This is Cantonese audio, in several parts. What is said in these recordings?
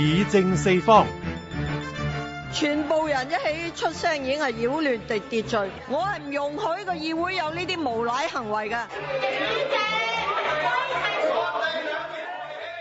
議政四方，全部人一起出聲已經係擾亂定秩序，我係唔容許個議會有呢啲無賴行為嘅。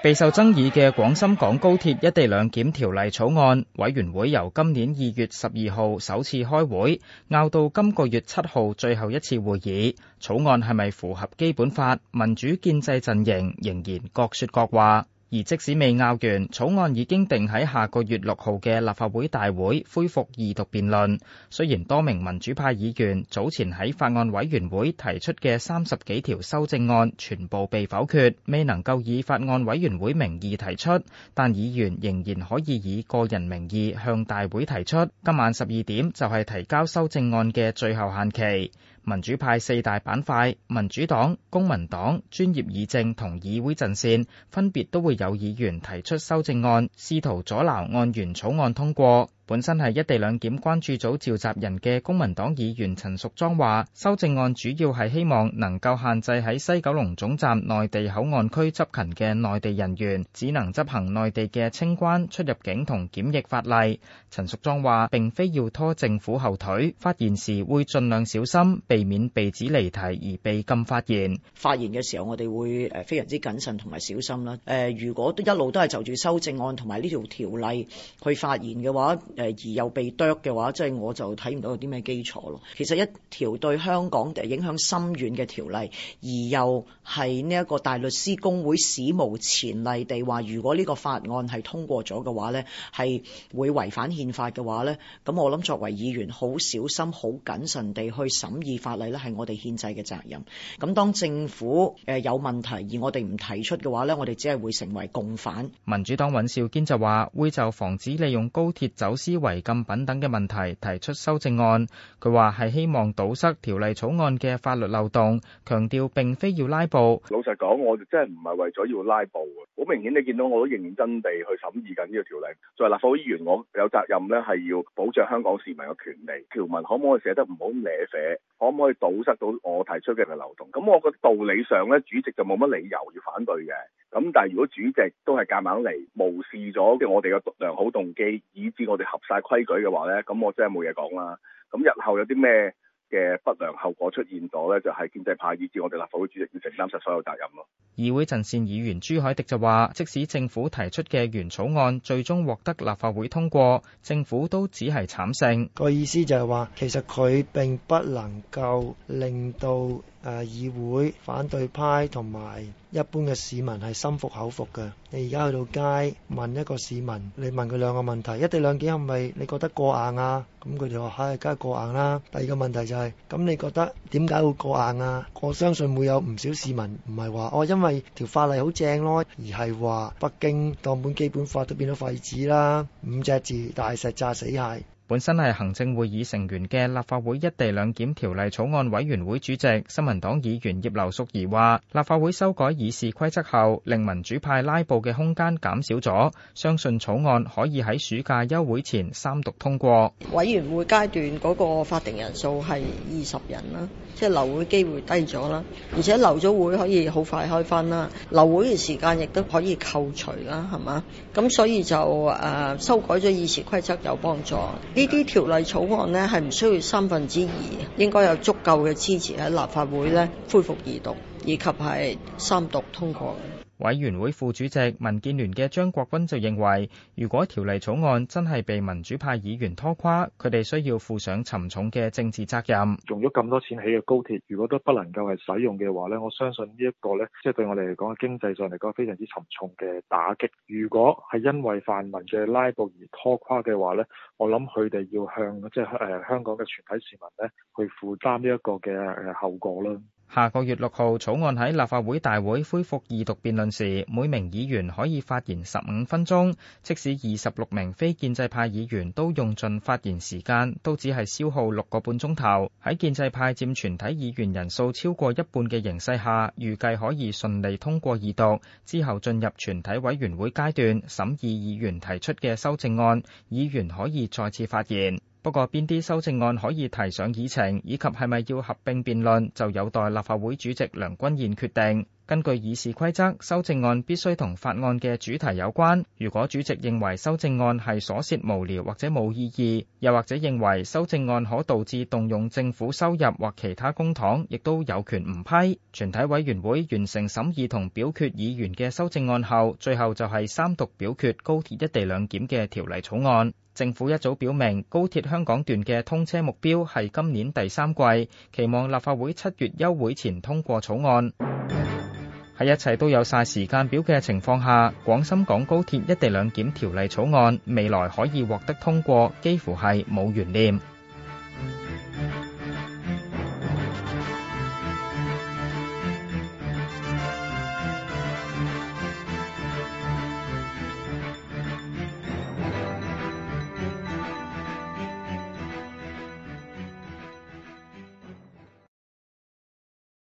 備受爭議嘅廣深港高鐵一地兩檢條例草案，委員會由今年二月十二號首次開會，拗到今個月七號最後一次會議，草案係咪符合基本法？民主建制陣營仍然各說各話。而即使未拗完，草案已經定喺下個月六號嘅立法會大會恢復二讀辯論。雖然多名民主派議員早前喺法案委員會提出嘅三十幾條修正案全部被否決，未能夠以法案委員會名義提出，但議員仍然可以以個人名義向大會提出。今晚十二點就係提交修正案嘅最後限期。民主派四大板塊，民主黨、公民黨、專業議政同議會陣線分別都會有議員提出修正案，試圖阻撓按原草案通過。本身係一地兩檢關注組召集人嘅公民黨議員陳淑莊話：修正案主要係希望能夠限制喺西九龍總站內地口岸區執勤嘅內地人員只能執行內地嘅清關、出入境同檢疫法例。陳淑莊話：並非要拖政府後腿，發言時會盡量小心，避免被指離題而被禁發言。發言嘅時候，我哋會誒非常之謹慎同埋小心啦。誒、呃，如果都一路都係就住修正案同埋呢條條例去發言嘅話，誒而又被啄嘅話，即、就、係、是、我就睇唔到有啲咩基礎咯。其實一條對香港影響深遠嘅條例，而又係呢一個大律師公會史無前例地話，如果呢個法案係通過咗嘅話呢，係會違反憲法嘅話呢，咁我諗作為議員好小心、好謹慎地去審議法例呢，係我哋憲制嘅責任。咁當政府誒有問題而我哋唔提出嘅話呢，我哋只係會成為共犯。民主黨尹兆堅就話：會就防止利用高鐵走思維、禁品等嘅問題提出修正案，佢話係希望堵塞條例草案嘅法律漏洞，強調並非要拉布。老實講，我真係唔係為咗要拉布，好明顯你見到我都認真地去審議緊呢個條例。作為立法會議員，我有責任咧係要保障香港市民嘅權利。條文可唔可以寫得唔好咁扯扯？可唔可以堵塞到我提出嘅嘅漏洞？咁我覺得道理上咧，主席就冇乜理由要反對嘅。咁但係如果主席都係夾硬嚟，無視咗我哋嘅良好動機，以致我哋合晒規矩嘅話呢，咁我真係冇嘢講啦。咁日後有啲咩嘅不良後果出現咗呢？就係建制派以致我哋立法會主席要承擔晒所有責任咯。議會陣線議員朱凱迪就話：即使政府提出嘅原草案最終獲得立法會通過，政府都只係慘勝。個意思就係話，其實佢並不能夠令到。誒，議會反對派同埋一般嘅市民係心服口服嘅。你而家去到街問一個市民，你問佢兩個問題，一地兩檢係咪你覺得過硬啊？咁佢哋話，唉、哎，梗係過硬啦，啊。第二個問題就係，是，咁你覺得點解會過硬啊？我相信會有唔少市民唔係話，哦，因為條法例好正咯，而係話北京當本基本法都變咗廢紙啦，五隻字大石砸死蟹。本身係行政會議成員嘅立法會一地兩檢條例草案委員會主席、新民黨議員葉劉淑儀話，立法會修改議事規則後，令民主派拉布嘅空間減少咗，相信草案可以喺暑假休會前三讀通過。委員會階段嗰個法定人數係二十人啦，即係留會機會低咗啦，而且留咗會可以好快開返啦，留會嘅時間亦都可以扣除啦，係嘛？咁所以就誒修改咗議事規則有幫助。呢啲條例草案呢係唔需要三分之二，應該有足夠嘅支持喺立法會呢恢復二讀，以及係三讀通過。委員會副主席、民建聯嘅張國軍就認為，如果條例草案真係被民主派議員拖垮，佢哋需要負上沉重嘅政治責任。用咗咁多錢起嘅高鐵，如果都不能夠係使用嘅話咧，我相信呢一個咧，即係對我哋嚟講，經濟上嚟講非常之沉重嘅打擊。如果係因為泛民嘅拉布而拖垮嘅話咧，我諗佢哋要向即係誒香港嘅全體市民咧去負擔呢一個嘅誒後果啦。下個月六號草案喺立法會大會恢復二讀辯論時，每名議員可以發言十五分鐘，即使二十六名非建制派議員都用盡發言時間，都只係消耗六個半鐘頭。喺建制派佔全體議員人數超過一半嘅形勢下，預計可以順利通過二讀，之後進入全體委員會階段審議議員提出嘅修正案，議員可以再次發言。不過，邊啲修正案可以提上議程，以及係咪要合併辯論，就有待立法會主席梁君彥決定。根據議事規則，修正案必須同法案嘅主題有關。如果主席認為修正案係瑣屑無聊或者冇意義，又或者認為修正案可導致動用政府收入或其他公帑，亦都有權唔批。全體委員會完成審議同表決議員嘅修正案後，最後就係三讀表決高鐵一地兩檢嘅條例草案。政府一早表明，高鐵香港段嘅通車目標係今年第三季，期望立法會七月休會前通過草案。喺一切都有晒時間表嘅情況下，廣深港高鐵一地兩檢條例草案未來可以獲得通過，幾乎係冇懸念。